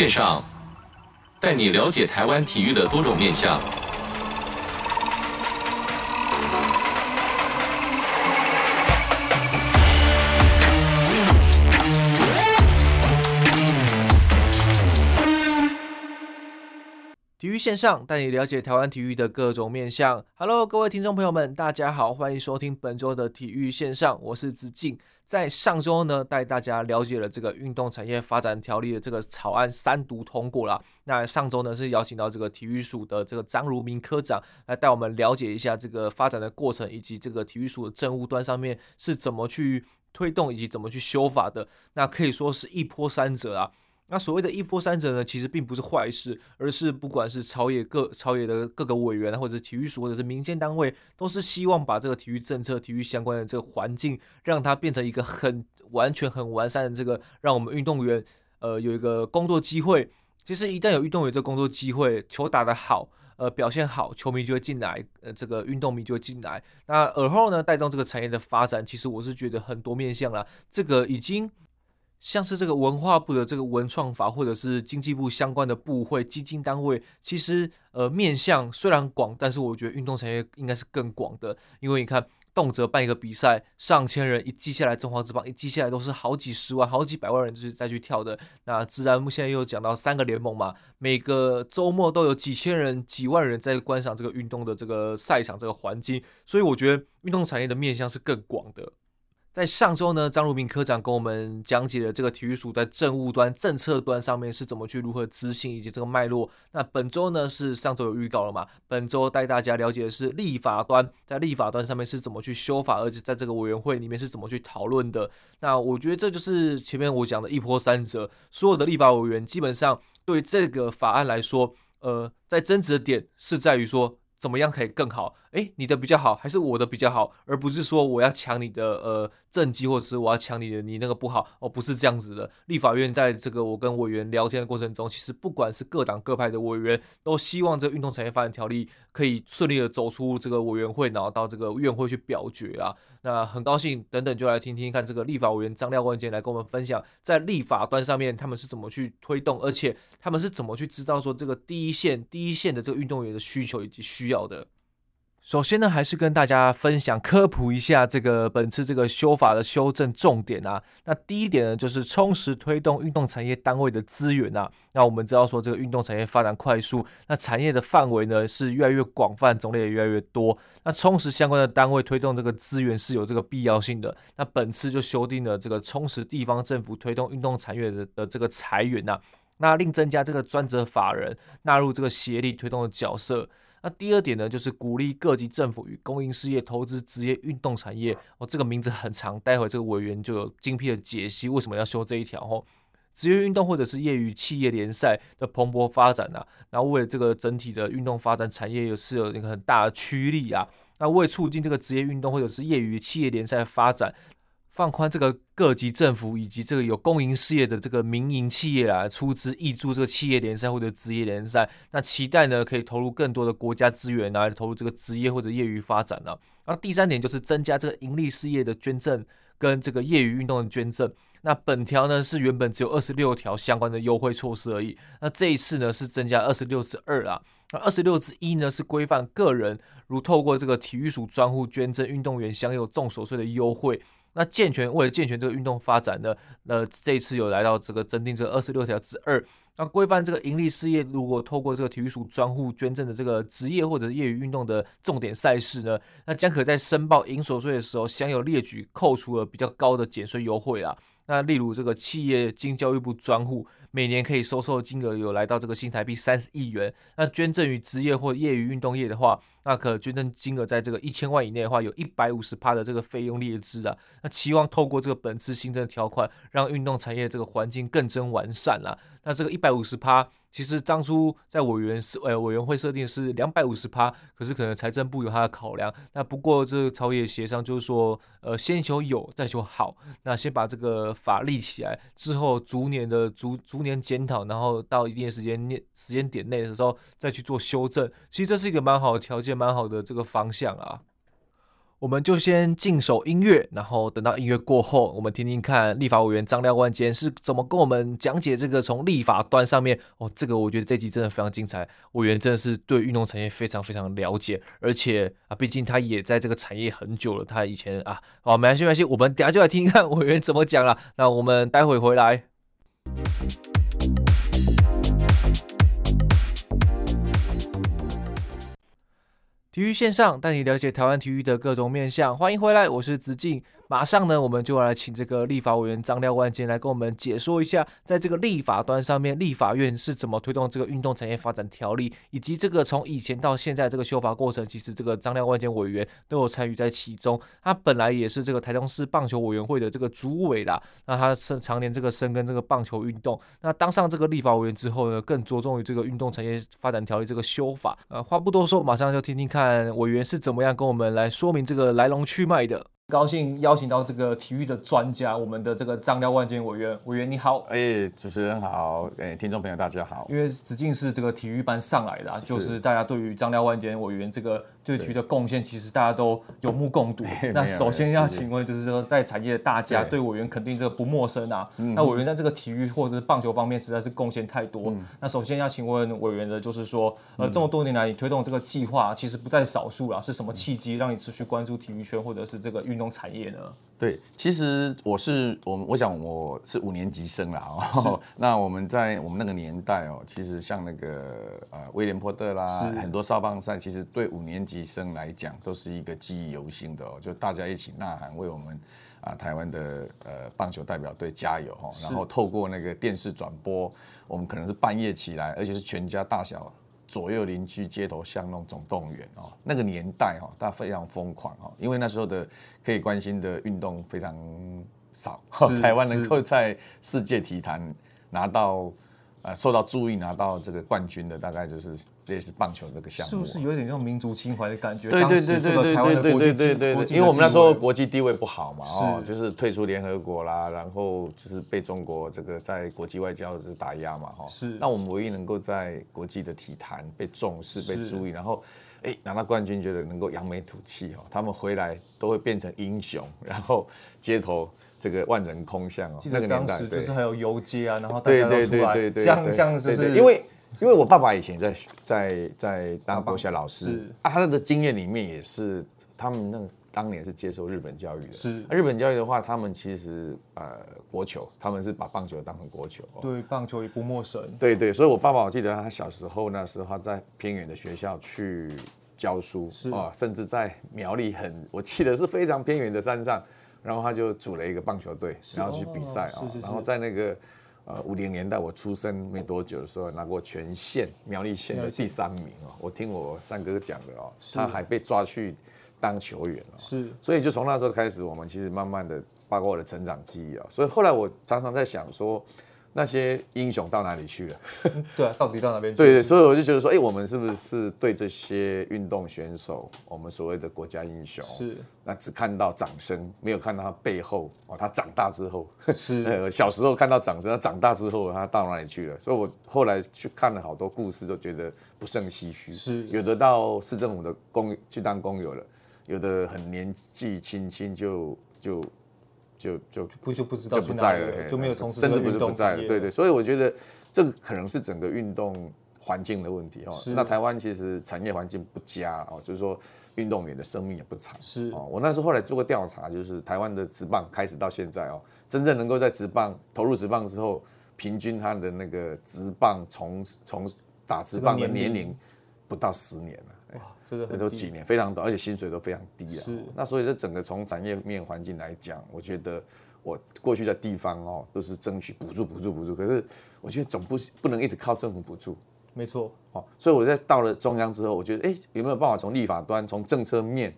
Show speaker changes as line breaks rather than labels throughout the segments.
線上，帶你了解台灣體育的多種面向。線上帶你了解台灣體育的各種面向。Hello，各位聽眾朋友們，大家好，歡迎收聽本周的體育線上，我是子敬。在上周呢，帶大家了解了這個運動產業發展條例的這個草案三讀通過了。那上周呢，是邀請到這個體育署的這個張如明科長來帶我們了解一下這個發展的過程，以及這個體育署的政務端上面是怎麼去推動，以及怎麼去修法的。那可以說是一波三折啊。那所謂的一波三折呢，其實並不是壞事，而是不管是朝野各朝野的各個委員，或者是體育署，或者是民間單位，都是希望把這個體育政策、體育相關的這個環境，讓它變成一個很完全、很完善的這個，讓我們運動員呃有一個工作機會。其實一旦有運動員這個工作機會，球打得好，呃表現好，球迷就會進來，呃這個運動迷就會進來。那而後呢帶動這個產業的發展，其實我是覺得很多面向啦，這個已經。像是這個文化部的這個文創法，或者是經濟部相關的部會、基金單位，其實呃面向雖然廣，但是我覺得運動產業應該是更廣的，因為你看動輒辦一個比賽，上千人一記下來中，中華職棒一記下來都是好幾十萬、好幾百萬人就是再去跳的。那自然現在又講到三個聯盟嘛，每個週末都有幾千人、幾萬人在觀賞這個運動的這個賽場、這個環境，所以我覺得運動產業的面向是更廣的。在上週呢，張如明科長跟我們講解了這個體育署在政務端、政策端上面是怎麼去如何執行以及這個脈絡。那本週呢，是上週有預告了嘛？本週帶大家了解的是立法端，在立法端上面是怎麼去修法，而且在這個委員會裡面是怎麼去討論的。那我覺得這就是前面我講的一波三折。所有的立法委員基本上對這個法案來說，呃，在爭執的點是在於說怎麼樣可以更好。哎，你的比較好，還是我的比較好？而不是說我要搶你的呃政績，或者是我要搶你的你那個不好哦，不是這樣子的。立法院在這個我跟委員聊天的過程中，其實不管是各黨各派的委員，都希望這個運動產業發展條例可以順利的走出這個委員會，然後到這個院會去表決啦。那很高興，等等就來聽聽看這個立法委員張廖萬堅來跟我們分享，在立法端上面他們是怎麼去推動，而且他們是怎麼去知道說這個第一線第一線的這個運動員的需求以及需要的。首先呢，還是跟大家分享科普一下這個本次這個修法的修正重點啊。那第一點呢，就是充實推動運動產業單位的資源啊。那我們知道說這個運動產業發展快速，那產業的範圍呢是越來越廣泛，種類也越來越多。那充實相關的單位推動這個資源是有這個必要性的。那本次就修訂了這個充實地方政府推動運動產業的的這個財源啊，那另增加這個專責法人納入這個協力推動的角色。那第二點呢，就是鼓勵各級政府與公營事業投資職業運動產業。哦，這個名字很長，待會這個委員就有精闢的解析，為什麼要修這一條？哦，職業運動或者是業餘企業聯賽的蓬勃發展啊，那為了這個整體的運動發展產業也是有一個很大的驅力啊。那為了促進這個職業運動或者是業餘企業聯賽的發展。放寬這個各級政府以及這個有公營事業的這個民營企業啊，出資挹注這個企業聯賽或者職業聯賽。那期待呢，可以投入更多的國家資源來投入這個職業或者業餘發展了。那第三點就是增加這個營利事業的捐贈跟這個業餘運動的捐贈。那本條呢是原本只有二十六條相關的優惠措施而已。那這一次呢是增加二十六之二啊。那二十六之一呢是規範個人如透過這個體育署專戶捐贈，運動員享有綜所稅的優惠。那健全，為了健全這個運動發展呢，呃，這一次有來到這個增訂這二十六條之二，2, 那規範這個營利事業，如果透過這個體育署專戶捐贈的這個職業或者業餘運動的重點賽事呢，那將可在申報營所稅的時候，享有列舉扣除額，比較高的減稅優惠啦。那例如這個企業經教育部專戶，每年可以收受的金額有來到這個新台幣三十億元。那捐贈於職業或業餘運動業的話，那可捐贈金額在這個一千萬以內的話有，有一百五十趴的這個費用列支啊。那期望透過這個本次新增條款，讓運動產業這個環境更臻完善啊，那這個一百五十趴。其實當初在委員呃委員會設定是兩百五十趴，可是可能財政部有它的考量。那不過這個朝野協商就是說，呃，先求有，再求好。那先把這個法立起來之後，逐年的逐逐年檢討，然後到一定的時間內時間點內的時候再去做修正。其實這是一個蠻好的條件，蠻好的這個方向啊。我們就先進首音樂，然後等到音樂過後，我們聽聽看立法委員張廖萬堅是怎麼跟我們講解這個從立法端上面哦，這個我覺得這集真的非常精彩，委員真的是對運動產業非常非常了解，而且啊，畢竟他也在這個產業很久了，他以前啊，哦，沒關係沒關係，我們等一下就來聽聽看委員怎麼講了，那我們待會回來。體育線上帶你了解台灣體育的各種面向，歡迎回來，我是子敬。馬上呢，我們就來請這個立法委員張廖萬堅來跟我們解說一下，在這個立法端上面，立法院是怎麼推動這個運動產業發展條例，以及這個從以前到現在這個修法過程，其實這個張廖萬堅委員都有參與在其中。他本來也是這個台中市棒球委員會的這個主委啦，那他是常年這個深耕這個棒球運動，那當上這個立法委員之後呢，更着重於這個運動產業發展條例這個修法。呃、啊，話不多說，馬上就聽聽看委員是怎麼樣跟我們來說明這個來龍去脈的。高興邀請到這個體育的專家，我們的這個張廖萬堅委員，委員你好。哎、欸，主持人好，哎、欸，聽眾朋友大家好，因為子敬是這個體育班上來的，啊，是就是大家對於張廖萬堅委員這個。對體育的貢獻其實大家都有目共睹。對那首先要請問，就是說在產業，大家對委員肯定這個不陌生啊。對那委員在這個體育或者是棒球方面，實在是貢獻太多。嗯、那首先要請問委員的，就是說，呃，這麼多年來你推動這個計劃，其實不在少數啊，是什麼契機讓你持續關注體育圈或者是這個運動產業呢？
對，其實我是我，我想我是五年級生了啊、哦。是 那我們在我們那個年代哦，其實像那個呃威廉波特啦，是很多少棒賽，其實對五年級生來講都是一個記憶猶新的哦。就大家一起吶喊，為我們啊、呃、台灣的呃棒球代表隊加油、哦、是然後透過那個電視轉播，我們可能是半夜起來，而且是全家大小，左右鄰居街頭，巷弄總動員哦、喔，那個年代哦，大家非常瘋狂哦、喔，因為那時候的可以關心的運動非常少。是 台灣能夠在世界體壇拿到呃受到注意拿到這個冠軍的，大概就是。也是棒球這個項目。是不
是有點這種民族情懷的感覺？對對對對對對對對對，因為我們那時候
國際地位不好嘛，哦，就是退出聯合國啦，然後就是被中國這個在國際外交就是打壓嘛，哈。是。那我們唯一能夠在國際的體壇被重視、被注意，然後哎拿到冠軍，覺得能夠揚眉吐氣哦。他們回來都會變成英雄，然後街頭這個萬人空巷哦。那個當時就是還有遊
街啊，然後大家都出來，像像就是因為。
因為我爸爸以前在學在在當國小老師、嗯啊，他的經驗裡面也是他們那個當年是接受日本教育的，是、啊、日本教育的話，他們其實呃國球他們是把棒球當成國球，
對、哦、棒球也不陌生，
對對，所以我爸爸我記得他小時候那時候他在偏遠的學校去教書，啊是、哦，甚至在苗栗很我記得是非常偏遠的山上，然後他就組了一個棒球隊，然後去比賽啊、哦哦哦，然後在那個。呃，五零年代我出生沒多久的時候，拿過全縣苗栗縣的第三名哦。我聽我三哥講的哦，他還被抓去當球員哦。是，所以就從那時候開始，我們其實慢慢的，包括我的成長記憶啊。所以後來我常常在想說。那些英雄到哪裡去了？ 對啊，到底到哪邊去了？對，所以我就覺得說，哎、欸，我們是不是對這些運動選手，我們所謂的國家英雄，是那只看到掌聲，沒有看到他背後哦，他長大之後，是、呃、小時候看到掌聲，他長大之後他到哪裡去了？所以我後來去看了好多故事，都覺得不勝唏噓。是有的到市政府的公去當工友了，有的很年紀輕輕就就。就就就，就不就不知道，就不在了，嘿就沒有從事，甚至不是不在了，了對，對對，所以我覺得這個可能是整個運動環境的問題哦，是那台灣其實產業環境不佳哦，就是說運動員的生命也不長。是哦，我那時候後來做過調查，就是台灣的職棒開始到現在哦，真正能夠在職棒投入職棒之後，平均他的那個職棒從從打職棒的年齡不到十年了。
那都幾年，非
常短，而且薪水都非常低啊。是那所以這整個從產業面環境來講，我覺得我過去的地方哦，都是爭取補助，補助，補助。可是我覺得總不不能一直靠政府補助。
沒錯錯、
哦。所以我在到了中央之後，我覺得，哎、欸，有沒有辦法從立法端、從政策面，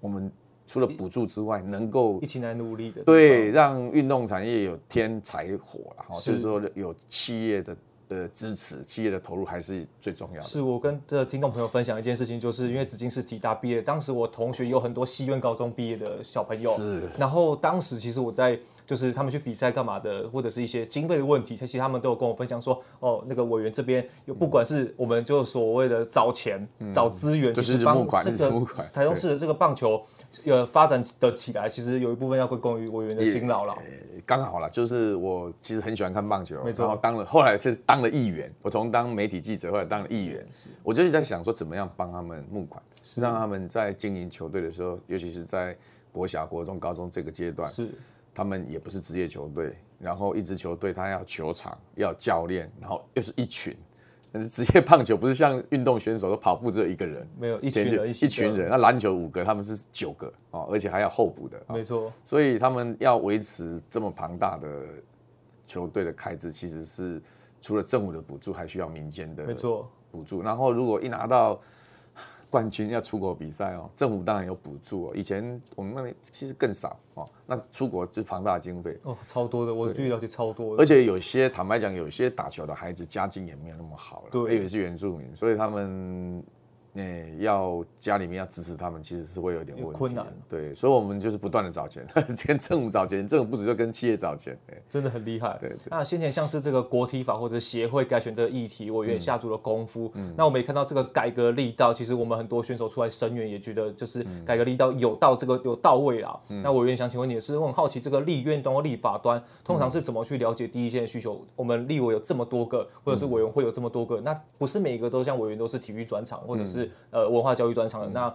我們除了補助之外，能夠
一起來努力的，對，
讓運動產業有添柴火了。哈、哦，是就是說有企業的。的支持企業的投入還是最重要的。是我
跟的、這個、聽眾朋友分享一件事情，就是因為自己是體大畢業，當時我同學有很多西苑高中畢業的小朋友，是。然後當時其實我在就是他們去比賽幹嘛的，或者是一些經費的問題，其實他們都有跟我分享說，哦，那個委員這邊有不管是我們就所謂的找錢、嗯、找資源，嗯、就是幫這個募款台中市的這個棒球。有發展的起來，其實有一部分要歸功於委員的辛勞了。
剛、欸欸、好了，就是我其實很喜歡看棒球，沒錯然後當了，後來是當了議員。我從當媒體記者，後來當了議員，是我就是在想說怎麼樣幫他們募款，是讓他們在經營球隊的時候，尤其是在國小、國中、高中這個階段，是他們也不是職業球隊，然後一支球隊他要球場、要有教練，然後又是一群。但是職業棒球不是像運動選手，都跑步只有一個人，沒有一群人，一群人。對那籃球五個，他們是九個啊、哦，而且還要候補的，沒錯、哦。所以他們要維持這麼龐大的球隊的開支，其實是除了政府的補助，還需要民間的沒錯補助。錯然後如果一拿到。冠軍要出國比賽哦，政府當然有補助哦。以前我們那裡其實更少哦，那出國就龐大的經費
哦，超多的，我遇到就超多的。而且
有些坦白講，有些打球的孩子家境也沒有那麼好了，對，還有些原住民，所以他們。那、欸、要家裡面要支持他們，其實是會有點問題，有困難。對，所以，我們就是不斷的找錢，跟政府找錢，政府不只就跟企業找錢，對、欸，真的很厲害。對，對對。
那先前像是這個國體法或者協會改選這個議題，我也下足了功夫。嗯、那我們也看到這個改革力道，其實我們很多選手出來聲援，也覺得就是改革力道有到這個有到位啦。嗯、那委員，想請問你的是，我很好奇這個立院端或立法端，通常是怎麼去了解第一線的需求？我們立委有這麼多個，或者是委員會有這麼多個，嗯、那不是每一個都像委員都是體育專
場，或者是、嗯？是呃，文化教育專場的，那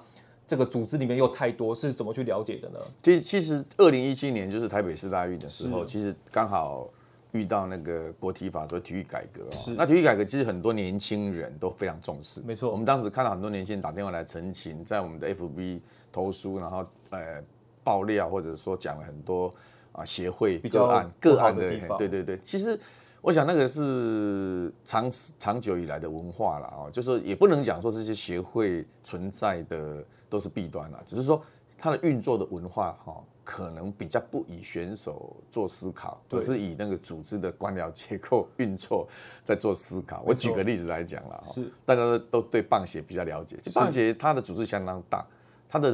這個組織裡面又太多，是怎麼去了解的呢？其其實二零一七年就是台北世大運的時候，是其實剛好遇到那個國體法說體育改革、哦，是那體育改革其實很多年輕人都非常重視，沒錯錯。我們當時看到很多年輕人打電話來陳情，在我們的 FB 投書，然後呃爆料，或者說講了很多啊協會個案比較不好的地方個案的，對對對，其實。我想那個是長長久以來的文化了啊，就是說也不能講說這些協會存在的都是弊端了，只是說它的運作的文化哈，可能比較不以選手做思考，對而是以那個組織的官僚結構運作在做思考。錯我舉個例子來講了哈，是大家都都對棒協比較了解，棒協它的組織相當大，它的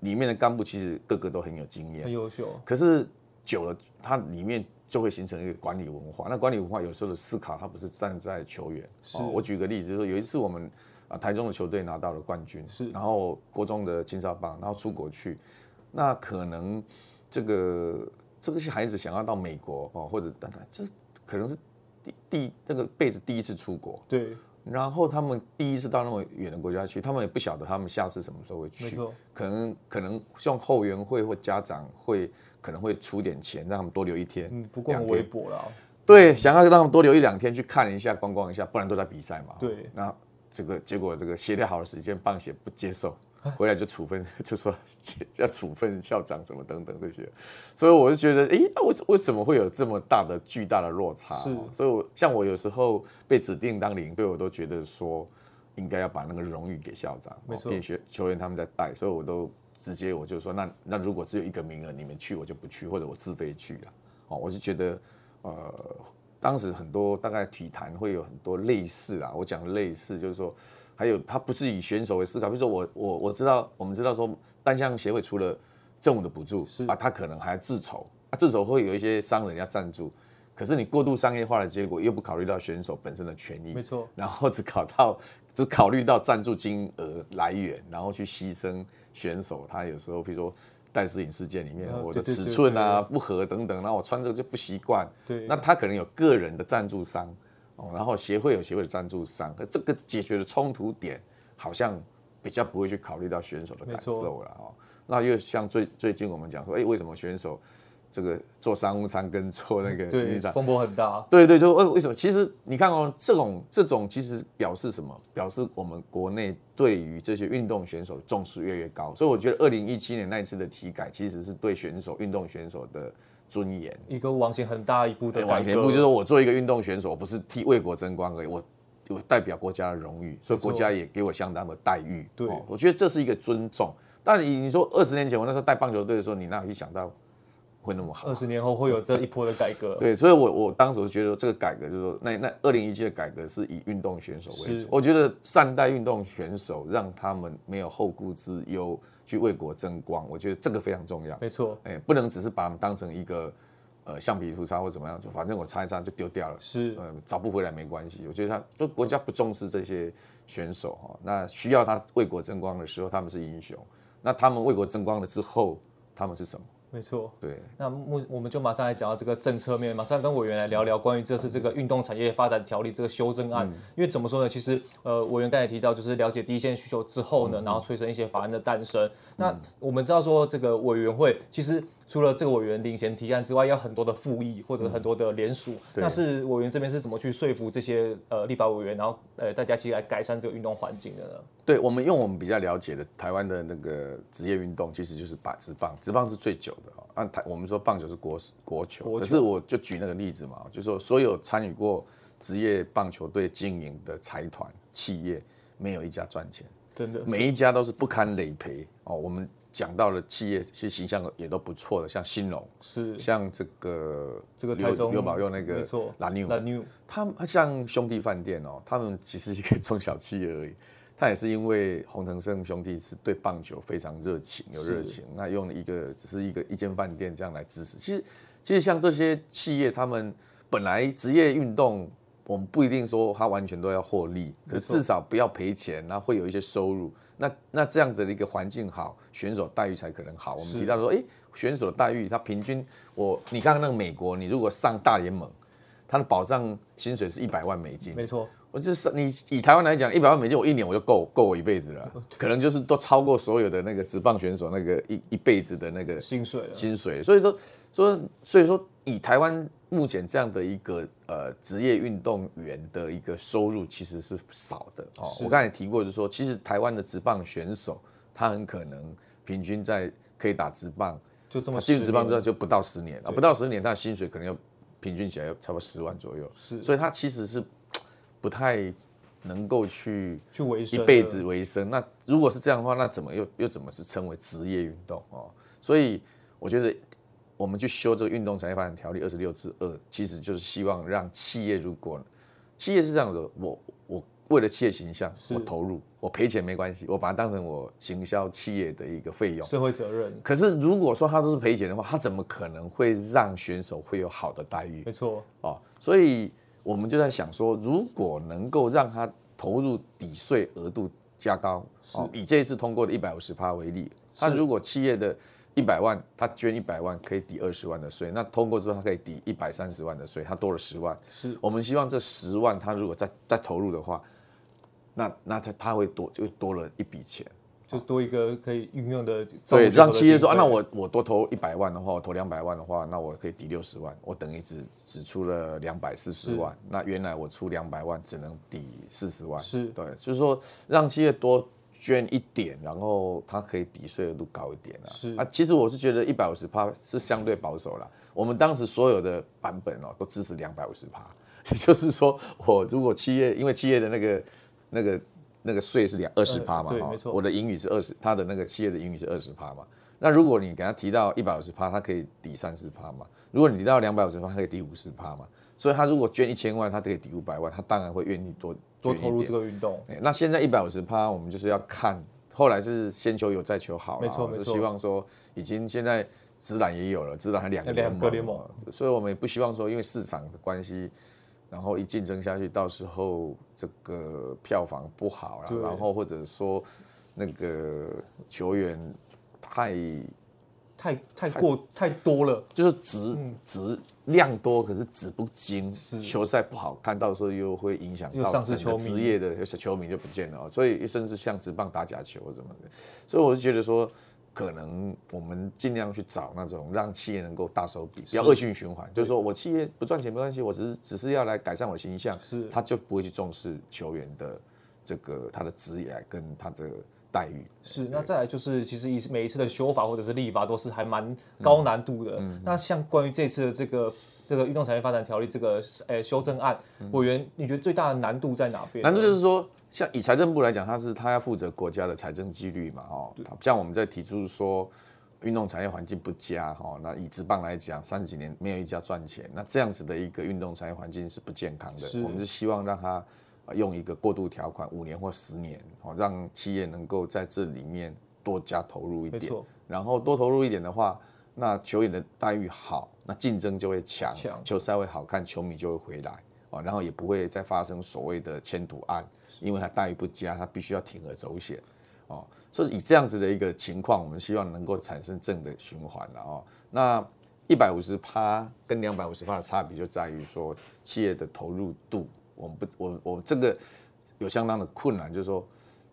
裡面的幹部其實個個都很有經驗，很優秀、啊，可是久了它裡面。就會形成一個管理文化。那管理文化有時候的思考，他不是站在球員。是，我舉個例子，就是說有一次我們啊台中的球隊拿到了冠軍，是，然後國中的青少棒，然後出國去，那可能這個這些孩子想要到美國哦，或者等等，就是可能是第第這、那個輩子第一次出國。對。然後他們第一次到那麼遠的國家去，他們也不曉得他們下次什麼時候會去，錯可能可能像後援會或家長會可能會出點錢，讓他們多留一天，嗯、不不逛微博了，對，嗯、想要讓他們多留一兩天去看一下，觀光一下，不然都在比賽嘛，對，那這個結果這個協調好的時間，棒協不接受。回來就處分，就說要處分校長什麼等等這些，所以我就覺得，哎，那為什麼會有這麼大的巨大的落差啊？是的 所以我像我有時候被指定當領隊，我都覺得說應該要把那個榮譽給校長，給學沒錯、哦、球員他們在帶，所以我都直接我就說那，那那如果只有一個名額，你們去我就不去，或者我自費去了。哦，我就覺得，呃，當時很多大概體壇會有很多類似啊，我講的類似就是說，還有，他不是以選手為思考。比如說我，我我我知道，我們知道說，單項協會除了政府的補助，是啊，他可能還自籌啊，自籌會有一些商人要贊助。可是你過度商業化的結果，又不考慮到選手本身的權益。沒錯錯。然後只考到只考慮到贊助金額來源，然後去犧牲選手。他有時候，比如說，戴資穎事件裡面，嗯、我的尺寸啊不合等等，那我穿着就不習慣。對、啊。那他可能有個人的贊助商。哦、然後協會有協會的贊助商，那這個解決的衝突點好像比較不會去考慮到選手的感受了錯哦。那又像最最近我們講說，哎，為什麼選手這個坐商務艙跟做那個經濟艙風波很大啊？對對，就為為什麼？其實你看哦，這種這種其實表示什麼？表示我們國內對於這些運動選手的重視越來越高。所以我覺得二零一七年那一次的體改其實是對選手、運動選手的。尊嚴，一個往前很大一步的往前一步，就是說，我做一個運動選手，我不是替為國爭光而已，我我代表國家的榮譽，所以國家也給我相當的待遇。對錯、哦，我覺得這是一個尊重。但是你說二十年前我那時候帶棒球隊的時候，你哪有去想到？會那麼好？二
十年後會有這一波的改革。 對，
所以我，我我當時我覺得這個改革就是說，那，那那二零一七的改革是以運動選手為主。是，我覺得善待運動選手，讓他們沒有後顧之憂去為國爭光。我覺得這個非常重要。沒錯，哎、欸，不能只是把他們當成一個呃橡皮圖擦或怎麼樣，就反正我擦一擦就丟掉了。是，嗯、呃，找不回來沒關係。我覺得他，就國家不重視這些選手哦，那需要他為國爭光的時候，他們是英雄。那他們為國爭光了之後，他們是什麼？
沒錯，對，那麼我們就馬上來講到這個政策面，馬上跟委員來聊聊關於這次這個運動產業發展條例這個修正案，嗯、因為怎麼說呢？其實，呃，委員剛才提到，就是了解第一線需求之後呢，嗯、然後催生一些法案的誕生。嗯、那我們知道說，這個委員會其實。除了這個委員領銜提案之外，要很多的附議或者很多的聯署。但、嗯、是委員這邊是怎麼去說服這些呃立法委員，然後呃大家一起來改善這個運動環境的呢？
對，我們用我們比較了解的台灣的那個職業運動，其實就是把職棒，職棒是最久的、哦、啊。按台我們說棒球是國國球，國球，可是我就舉那個例子嘛，就說所有參與過職業棒球隊經營的財團企業，沒有一家賺錢，真的，每一家都是不堪累賠哦。我們，講到了企業其實形象也都不錯的，像興農是，像這個劉這個台中劉保佑那個 La New La New，他像兄弟飯店哦，他們其實是一個中小企業而已，他也是因為洪騰勝兄弟是對棒球非常熱情是有熱情，那用一個只是一個一間飯店這樣來支持。是其實其實像這些企業，他們本來職業運動，我們不一定說他完全都要獲利，錯至少不要賠錢，那會有一些收入。那那這樣子的一個環境好，選手待遇才可能好。我們提到說，哎，選手的待遇，他平均，我你看看那個美國，你如果上大聯盟，他的保障薪水是一百萬美金。沒錯，我就是你以台灣來講，一百萬美金，我一年我就夠夠我一輩子了，可能就是都超過所有的那個職棒選手那個一一輩子的那個薪水了薪水。所以說說所以說。以台灣目前這樣的一個呃職業運動員的一個收入，其實是少的。哦。是的 我剛才也提過，就是說，其實台灣的職棒選手，他很可能平均在可以打職棒，就這麼進入職棒之後就不到十年對 啊，不到十年他的薪水可能要平均起來要差不多十萬左右。是的，所以他其實是不太能夠去去維持一輩子維生。那如果是這樣的話，那怎麼又又怎麼是稱為職業運動哦？所以我覺得。我們去修這個運動產業發展條例二十六之二，2, 其實就是希望讓企業，如果企業是這樣子，我我為了企業形象，是我投入，我賠錢沒關係，我把它當成我行銷企業的一個費用，社會責任。可是如果說他都是賠錢的話，他怎麼可能會讓選手會有好的待遇？沒錯啊、哦，所以我們就在想說，如果能夠讓他投入抵稅額度加高，是哦、以這一次通過的一百五十趴為例，他如果企業的。一百萬，他捐一百萬可以抵二十萬的稅，那通過之後他可以抵一百三十萬的稅，他多了十萬。是，我們希望這十萬他如果再再投入的話，那那他他會多就多了一筆錢，就
多一個可以運用的。好對，讓企業說，啊、那我
我多投一百萬的話，我投兩百萬的話，那我可以抵六十萬，我等於只只出了兩百四十萬，是那原來我出兩百萬只能抵四十萬。是，對，就是說讓企業多。捐一點，然後它可以抵稅額度高一點啊。是啊，其實我是覺得一百五十趴是相對保守了。我們當時所有的版本哦，都支持兩百五十趴。也 就是說，我如果企業，因為企業的那個那個那個稅是兩二十趴嘛，哈、嗯，我的盈餘是二十，他的那個企業的盈餘是二十趴嘛。那如果你給他提到一百五十趴，他可以抵三十趴嘛。如果你提到兩百五十趴，他可以抵五十趴嘛。所以他如果捐一千萬，他可以抵五百萬，他當然會願意多多投入這個運動。那現在一百五十趴，我們就是要看後來是先求有再求好了沒錯沒錯。沒錯就希望說已經現在資產也有了，資產還兩個兩個。嗯、所以我們也不希望說，因為市場的關係，然後一競爭下去，到時候這個票房不好，對然後或者說那個球員太太太過太多了，就是值、嗯、值。量多可是質不精，是球賽不好看，到時候又會影響到職業的，有些球迷就不見了哦，所以甚至像職棒打假球怎麼的，所以我就覺得說，可能我們盡量去找那種讓企業能夠大手筆，不要惡性循環，對就是說我企業不賺錢沒關係，我只是只是要來改善我的形象，是，他就不會去重視球員的這個他的職業跟他的。待
遇是，那再來就是其實以每一次的修法或者是立法都是還蠻高難度的。嗯嗯嗯、那像關於這次的這個這個運動產業發展條例這個呃、欸、修正案，委員、嗯、你覺得最大的難度在哪邊？難度就是
說，像以財政部來講，它是它要負責國家的財政紀律嘛，哦，對像我們在提出說運動產業環境不佳，哦，那以職棒來講，三十幾年沒有一家賺錢，那這樣子的一個運動產業環境是不健康的。是我們是希望讓它。用一個過渡條款五年或十年，哦，讓企業能夠在這裡面多加投入一點，然後多投入一點的話，那球員的待遇好，那競爭就會強，啊，球賽會好看，球迷就會回來，喔，然後也不會再發生所謂的簽賭案，因為它待遇不佳，它必須要鋌而走險，哦，所以以這樣子的一個情況，我們希望能夠產生正的循環了，喔，哦，那一百五十趴跟兩百五十趴的差別就在於說企業的投入度。我們不，我我這個有相當的困難，就是說，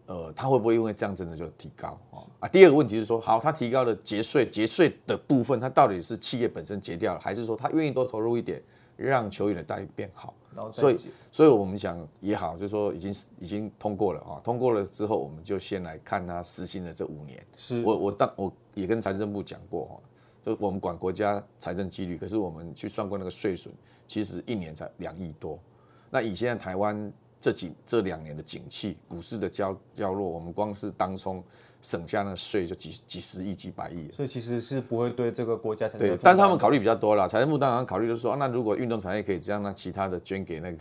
呃，他會不會因為這樣真的就提高啊？啊，第二個問題就是說，好，他提高了節稅，節稅的部分，他到底是企業本身節掉了，還是說他願意多投入一點，讓球員的待遇變好？然後，所以，所以我們想也好，就是說已經已經通過了啊，通過了之後，我們就先來看他實行的這五年。是，我我當我也跟財政部講過哈、啊，就我們管國家財政紀律，可是我們去算過那個稅損，其實一年才兩億多。那以現在台灣這幾這兩年的景氣，股市的交交落，我們光是當沖省下那個稅就幾幾十億、幾百億，所以其實是不會
對這個國家財政。對，但是他們考慮比
較多了。財政部當然考慮就是說、啊，那如果運動產業可以這樣，那其他的捐給那個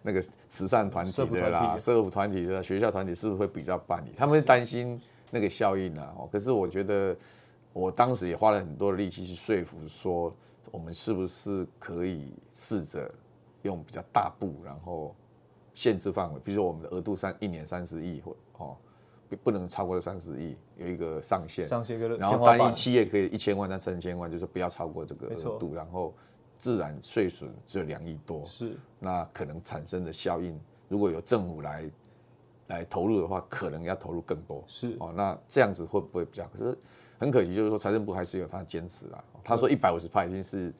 那個慈善團體的啦、社會團體的、學校團體，是不是會比較辦理？他們是擔心那個效應啊、哦。可是我覺得，我當時也花了很多的力氣去說服，說我們是不是可以試着。用比較大步，然後限制範圍，比如說我們的額度三一年三十億或哦，不不能超過三十億，有一個上限。上限然後單一企業可以一千萬到三千萬，就是不要超過這個額度，錯然後自然稅損只有兩億多。是，那可能產生的效應，如果有政府來來投入的話，可能要投入更多。是哦，那這樣子會不會比較？可是很可惜，就是說財政部還是有他的堅持啦。哦、他說一百五十趴已經是。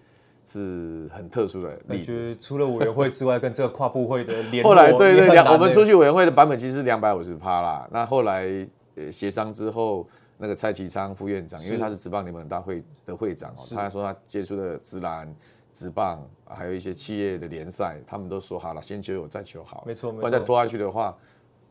是很特殊的例子，除了委員
會之外， 跟這個跨部會的。後來，對對，兩、欸、我們出
去委員會的版本其實是兩百五十趴啦。那後來呃協、欸、商之後，那個蔡其昌副院長，是因為他是職棒聯盟大會的會長哦、喔，是他還說他接觸的職籃、職棒，還有一些企業的聯賽，他們都說好了，先求有再求好，沒錯沒錯，不然再拖下去的話。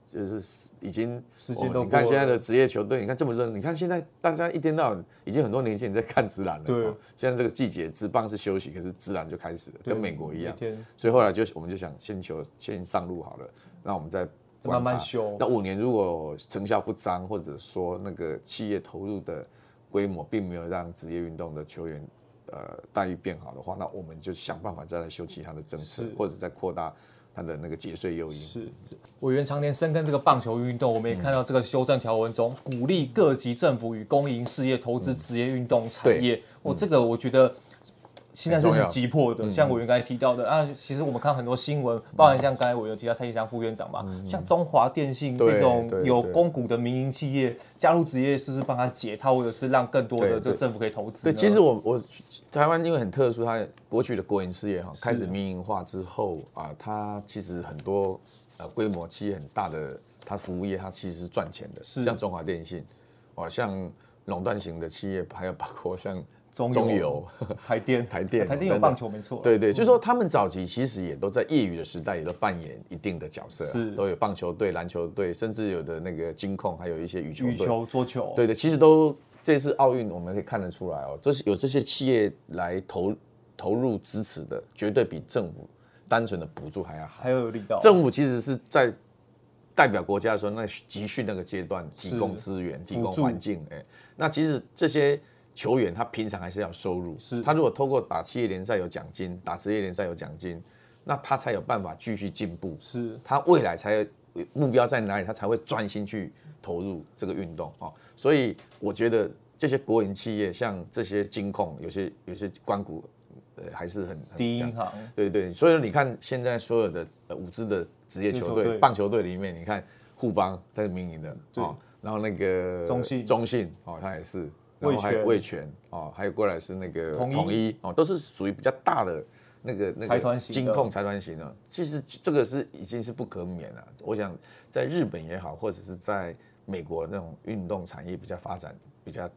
就是已經你看現在的職業球隊，你看這麼熱，你看現在大家一天到晚已經很多年輕人在看職籃了。對，現在這個季節職棒是休息，可是職籃就開始了，跟美國一樣。所以後來就我們就想先求先上路好了，那我們再慢慢修。那五年如果成效不彰，或者說那個企業投入的規模並沒有讓職業運動的球員呃待遇變好的話，那我們就想辦法再來修其他的政策，或者再擴大。他的那個節稅誘因，是委員常年深耕這個棒球運動，
我們也看到這個修正條文中、嗯、鼓勵各級政府與公營事業投資職業運動產業。我、嗯嗯哦、這個我覺得。現在是很急迫的，嗯、像我剛才提到的、嗯、啊，其實我們看很多新聞，包含像剛才我有提到蔡其昌副院長嘛，嗯、像中華電信這種有公
股的民營企業，加入職業是不是幫他解套，或者是讓更多的這政府可以投資。其實我我台灣因為很特殊，它過去的國營事業哈，啊、開始民營化之後啊、呃，它其實很多呃、規模企業很大的，它服務業它其實是賺錢的，是像中華電信，哦像壟斷型的企業，還有包括像。中油油台電，台電、喔，台電有棒球沒錯，對，對對，嗯、就是說他們早期其實也都在業餘的時代，也都扮演一定的角色，是都有棒球隊、籃球隊，甚至有的那個金控，還有一些羽球，球，球、桌球，對對，其實都這次奧運我們可以看得出來哦、喔，這、就是有這些企業來投投入支持的，絕對比政府單純的補助還要好，還
有，有力道。政府
其實是在代表國家的時候，那集訓那個階段資是提供資源、欸、提供環境，哎，那其實這些。球員他平常還是要收入，是。他如果透過打企業聯賽有獎金，打職業聯賽有獎金，那他才有辦法繼續進步，是。他未來才目標在哪裡，他才會專心去投入這個運動。所以我覺得這些國營企業像這些金控，有些有些官股，還是很低銀對對。所以說你看現在所有的五支的職業球隊棒球隊裡面，你看富邦它是民營的啊，然後那個中信中信哦，它也是。然後還有味全，哦、還有過來是那個統一，哦、都是屬於比較大的那個那個財團型，金控財團型的。其實這個是已經是不可免了。我想在日本也好，或者是在美國那種運動產業比較發展，比較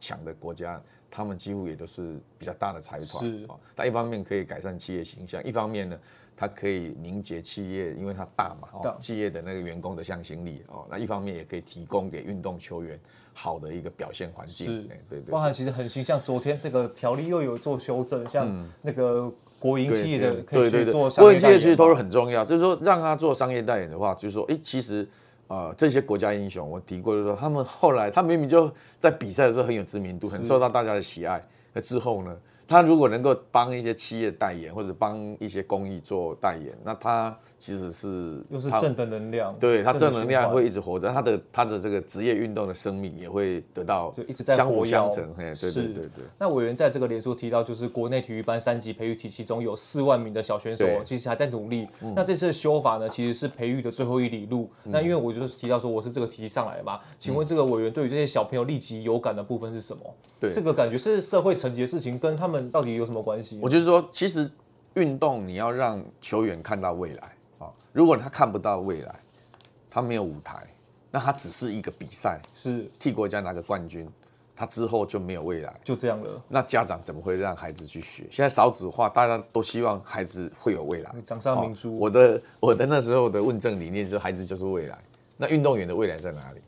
強的國家，他們幾乎也都是比較大的財團啊是、哦。但一方面可以改善企業形象，一方面呢，它可以凝結企業，因為它大嘛，哦，對企業的那個員工的向心力哦，那一方面也可以提供給運動球員好的一個表現環境。是，對、欸、對。對對包
含其實很形象，像昨天這個條例又有做修正，嗯、像那個國營企業的，對對對。國營企業其實都是很
重要，就是說讓他做商業代言的話，就是說，哎，其實啊、呃，這些國家英雄，我提過，就是說他們後來，他明明就在比賽的時候很有知名度，是很受到大家的喜愛，那之後呢？他如果能夠幫一些企業代言，或者幫一些公益做代言，那他，其實是又是正的能量，對他正能量會一直活着，的他的他的這個職業運動的生命也會得到相輔相成，哎，對對對，對。
那委員在這個臉書提到，就是國內體育班三級培育體系中有四萬名的小選手，對其實還在努力。嗯、那這次的修法呢，其實是培育的最後一里路。嗯、那因為我就是提到說我是這個體系上來的嘛，請問這個委員對於這些小朋友立即有感的部分是什麼？對，這個感覺是社會層級的事情，跟他們到底有什麼關係？我就是
說，其實運動你要讓球員看到未來。如果他看不到未來，他沒有舞台，那他只是一個比賽，是替國家拿個冠軍，他之後就沒有未來，就這樣了。那家長怎麼會讓孩子去學？現在少子化，大家都希望孩子會有未來，掌上明珠。我的我的那時候的問政理念就是，孩子就是未來。那運動員的未來在哪裡？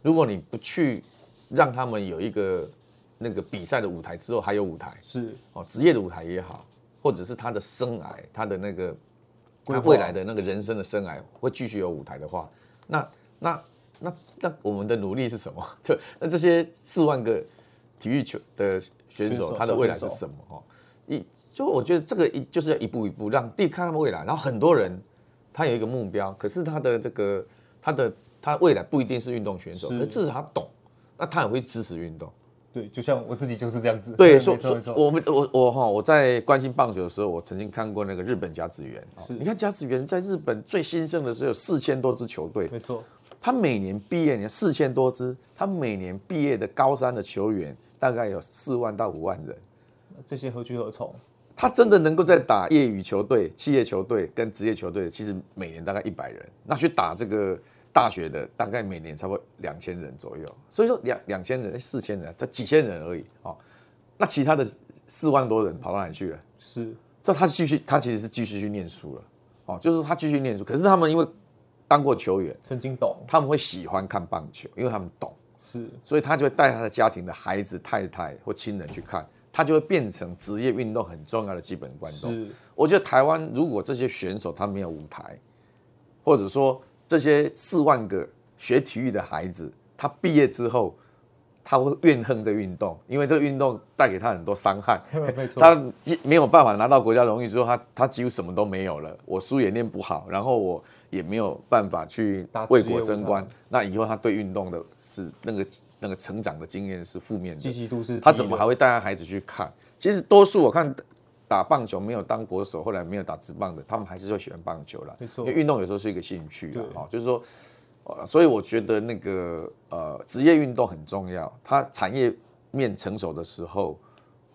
如果你不去讓他們有一個那個比賽的舞台之後還有舞台，是哦，職業的舞台也好，或者是他的生涯他的那個。那未來的那個人生的生涯會繼續有舞台的話，那那那那我們的努力是什麼？就那這些四萬個體育球的選手，選手他的未來是什麼？哦手，一就我覺得這個一就是要一步一步讓地看到未來。然後很多人他有一個目標，可是他的這個他的他未來不一定是運動選手，可是是至少他懂，那他也會支持運動。對，就像我自己就是這樣子。對，說我們我我哈，我在關心棒球的時候，我曾經看過那個日本甲子園。是，你看甲子園在日本最興盛的時候，有四千多支球隊。沒錯，他每年畢業，你看，四千多支，他每年畢業的高三的球員大概有四萬到五萬人。
這些何去何從？
他真的能夠在打業餘球隊、企業球隊跟職業球隊，其實每年大概一百人，那去打這個。大學的大概每年差不多兩千人左右，所以說，兩兩千人、四千人，才幾千人而已哦，那其他的四萬多人跑到哪裡去了？是，所以他繼續，他其實是繼續去念書了哦，就是他繼續念書，可是他們因為當過球員，曾經懂，他們會喜歡看棒球，因為他們懂，是，所以他就會帶他的家庭的孩子、太太或親人去看，他就會變成職業運動很重要的基本觀眾。是，我覺得台灣如果這些選手他沒有舞台，或者說。這些四萬個學體育的孩子，他畢業之後，他會怨恨這運動，因為這個運動帶給他很多傷害。欸、沒錯，他沒有辦法拿到國家榮譽之後，他他幾乎什麼都沒有了。我書也念不好，然後我也沒有辦法去為國爭光。那以後他對運動的是那個那個成長的經驗是負面
的，他怎麼還會
帶孩子去看？其實多數我看。打棒球沒有當國手，後來沒有打職棒的，他們還是會喜歡棒球啦。因為運動有時候是一個興趣啊。就是說，所以我覺得那個呃，職業運動很重要。它產業面成熟的時候，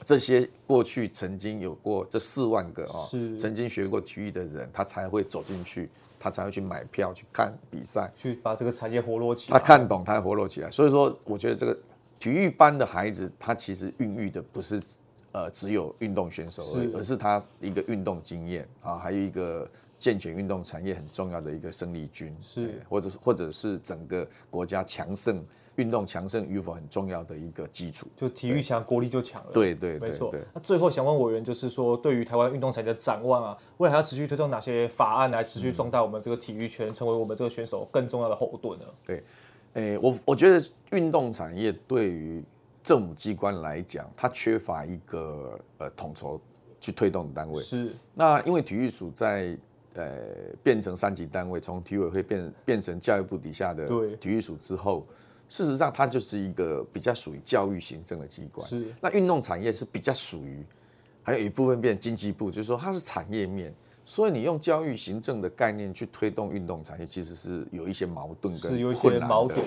這些過去曾經有過這四萬個啊，曾經學過體育的人，他才會走進去，他才會去買票去看比賽，去把這個產業活絡起來。他看懂，他還活絡起來。所以說，我覺得這個體育班的孩子，他其實孕育的不是。呃，只有運動選手而已，是而是他一個運動經驗啊，還有一個健全運動產業很重要的一個生力軍，是、哎，或者或者是整個國家強盛，運動強盛與否很重要的一個基礎。就體育強，對國力就強
了。對對，對對沒錯。那最後想問委員，就是說，對於台灣運動產業的展望啊，未來還要持續推動哪些法案來持續壯大我們這個體育圈，嗯、成為我們這個選手更重要的後盾呢？對，
哎、呃，我我覺得運動產業對於。政府機關來講，它缺乏一個呃統籌去推動的單位。是，那因為體育署在呃變成三級單位，從體委會變變成教育部底下的體育署之後，對事實上它就是一個比較屬於教育行政的機關。是，那運動產業是比較屬於，還有一部分變成經濟部，就是說它是產業面。所以你用教育行政的概念去推動運動產業，其實是有一些矛盾跟困難的。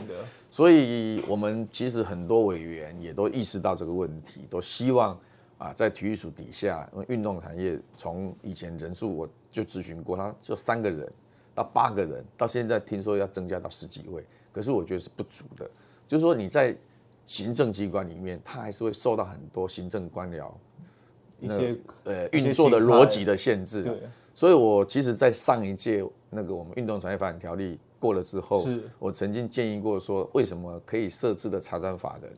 所以，我們其實很多委員也都意識到這個問題，都希望啊，在體育署底下，運動產業從以前人數我就諮詢過，他就三個人到八個人，到現在聽說要增加到十幾位，可是我覺得是不足的。就是說你在行政機關裡面，它還是會受到很多行政官僚一些呃運作的邏輯的限制。所以，我其實，在上一屆那個我們運動產業發展條例過了之後，是我曾經建議過說，為什麼可以設置的查單法人，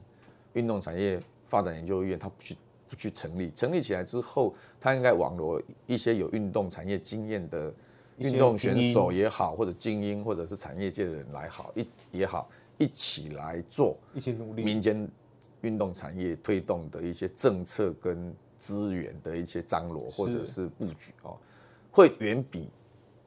運動產業發展研究院，它不去不去成立，成立起來之後，它應該網羅一些有運動產業經驗的運動選手也好，或者精英，或者是產業界的人來好一也好一起來做，一些努力，民間運動產業推動的一些政策跟資源的一些張羅或者是布局、哦會遠比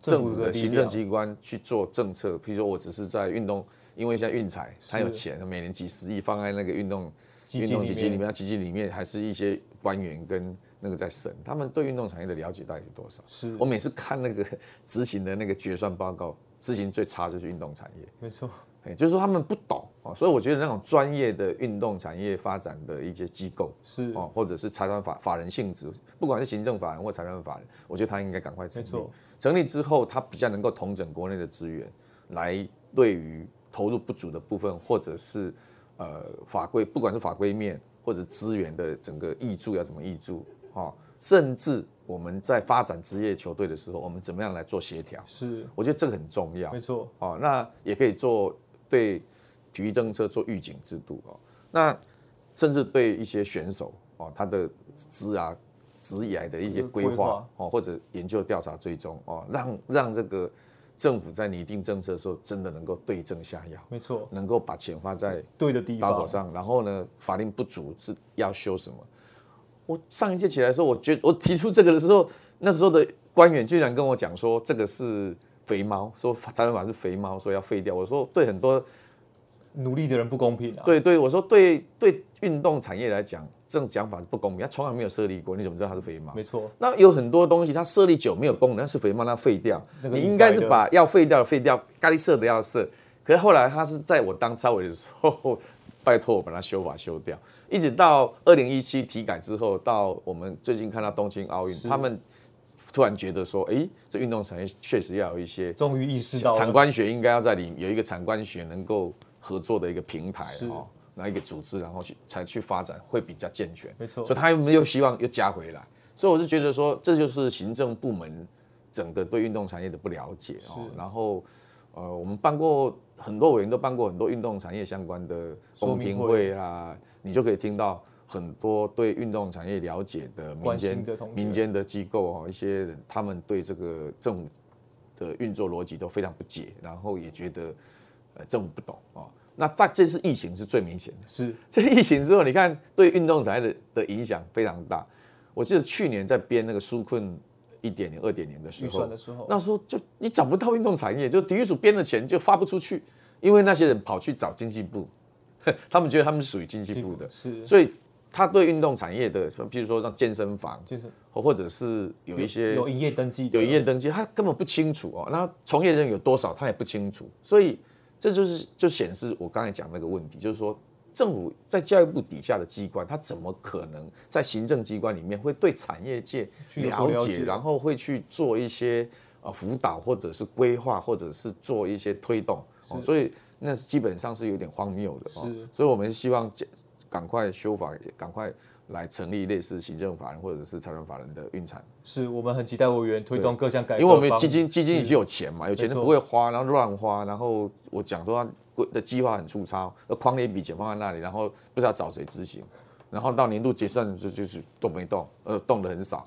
政府的行政機關去做政策，譬如說，我只是在運動，因為現在運彩他有錢，每年幾十億放在那個運動運動基金裡面，基金裡面還是一些官員跟那個在審，他們對運動產業的了解到底有多少？是，我每次看那個執行的那個決算報告，執行最差就是運動產業，沒錯。就是說他們不懂啊，所以我覺得那種專業的運動產業發展的一些機構是，或者是財團法法人性質，不管是行政法人或財團法人，我覺得他應該趕快成立。沒錯，成立之後，他比較能夠統整國內的資源，來對於投入不足的部分，或者是呃法規，不管是法規面或者資源的整個挹注要怎麼挹注啊、哦，甚至我們在發展職業球隊的時候，我們怎麼樣來做協調？是，我覺得這個很重要。沒錯啊、哦，那也可以做。對體育政策做預警制度哦，那甚至對一些選手哦，他的職啊、職涯的一些規劃哦，或者研究調查追蹤哦，讓讓這個政府在擬定政策的時候，真的能夠對症下藥，沒錯，能夠把錢花在對的地方上。然後呢，法令不足是要修什麼？我上一屆起來的時候，我覺得我提出這個的時候，那時候的官員居然跟我講說，這個是。肥貓說，裁判法是肥貓，說要廢掉。我說，對很多努力的人不公平。啊，對對，對，我說對對，運動產業來講，這種講法是不公平。他從來沒有設立過，你怎麼知道他是肥貓？沒錯錯。那有很多東西，它設立久沒有功能，它是肥貓，他廢掉。應該，你應該是把要廢掉的廢掉，該設的要設。可是後來他是在我當召委的時候，拜託我把它修法修掉，一直到二零一七體改之後，到我們最近看到東京奧運，in, 是他們。突然覺得說，哎、欸，這運動產業確實要有一些，終於意識到了，產官學應該要在裡面有一個產官學能夠合作的一個平台啊是、哦，拿一個組織，然後去才去發展會比較健全。錯所以他又沒有希望又加回來，所以我是覺得說，這就是行政部門整個對運動產業的不了解啊是、哦。然後，呃，我們辦過很多委員都辦過很多運動產業相關的公聽會啦，會你就可以聽到。很多對運動產業了解的民間、民間的機構啊，一些人他們對這個政府的運作邏輯都非常不解，然後也覺得呃政府不懂啊。那在這次疫情是最明顯的，是這疫情之後，你看對運動產業的的影響非常大。我記得去年在編那個紓困一點零、二點零的時候，那時候就你找不到運動產業，就體育署編的錢就發不出去，因為那些人跑去找經濟部，他們覺得他們是屬於經濟部的，所以。他對運動產業的，比如說像健身房，或、或者是有一些有營業登記，有營業登記，他根本不清楚哦。那從業人員有多少，他也不清楚，所以這就是就顯示我剛才講那個問題，就是說政府在教育部底下的機關，他怎麼可能在行政機關裡面會對產業界了解，了解然後會去做一些呃輔導，或者是規劃，或者是做一些推動？是哦，所以那基本上是有點荒謬的，哦。是，所以我們希望趕快修法，趕快來成立類似行政法人或者是財政法人的運產。
是，我們很期待委員推動各項改革。因為我們基金基金已經有錢嘛，有錢是不會
花，然後亂花，然後我講說他規的計劃很粗糙，框了一筆錢放在那裡，然後不知道找誰執行，然後到年度結算就就是動沒動，呃，動的很少，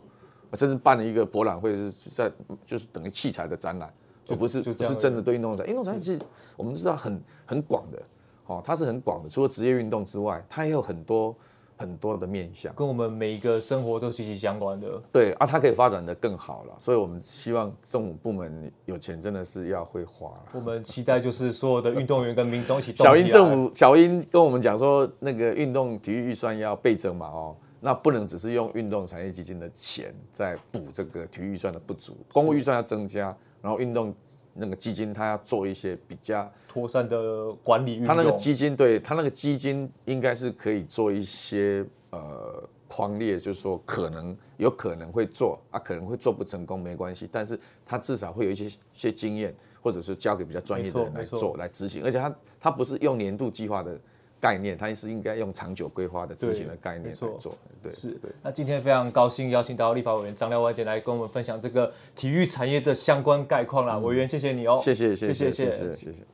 甚至辦了一個博覽會就是在就是等於器材的展覽，就不是不是真的對運動展，運、欸、動展其實我們知道很很廣的。哦，它是很廣的，除了職業運動之外，它也有很多很多的面向，跟我們每一個生活都息息相關的。對啊，它可以發展的更好了，所以我們希望政府部門有錢真的是要會花
了啊。我們期待就是所有的運動員跟民眾一起動起來。 小英政府，
小英跟我們講說，那個運動體育預算要倍增嘛，哦，那不能只是用運動產業基金的錢在補這個體育預算的不足，公務預算要增加，是然後運動。那個基金，他要做一些比較妥善的管理。他那個基金，對，他那個基金，應該是可以做一些呃匡列，就是說可能有可能會做啊，可能會做不成功沒關係，但是他至少會有一些一些經驗，或者是交給比較專業的人來做來執行，而且他他不是用年度計劃的概念，它也是應該用長久規劃的執行的概念來做。對，對
是。對那今天非常高興邀請到立法委員張廖萬堅來跟我們分享這個體育產業的相關概況啦。嗯、委員，謝謝你哦、喔。謝謝，謝謝，謝謝，謝謝。